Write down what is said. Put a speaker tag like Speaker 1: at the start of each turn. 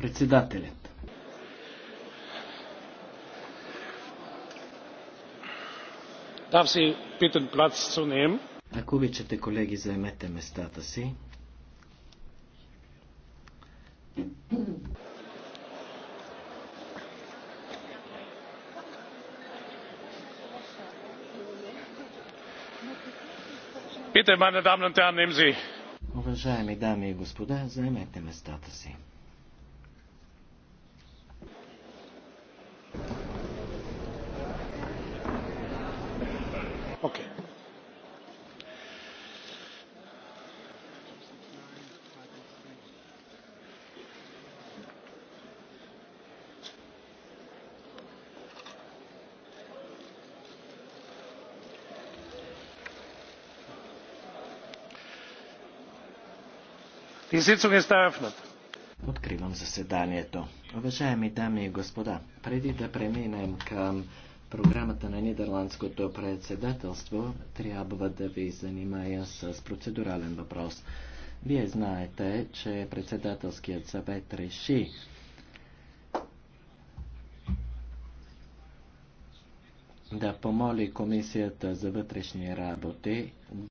Speaker 1: Председателят.
Speaker 2: Darf Sie bitten, Platz zu nehmen?
Speaker 3: Ако обичате, колеги, заемете местата си.
Speaker 2: Bitte, meine Damen und Herren, nehmen Sie Уважаеми дами и господа,
Speaker 4: заемете местата си. Okay. Откривам заседанието. Уважаеми дами и господа, преди да преминем към програмата на Нидерландското председателство, трябва да ви занимая с процедурален въпрос. Вие знаете, че председателският съвет реши да помоли Комисията за вътрешни работи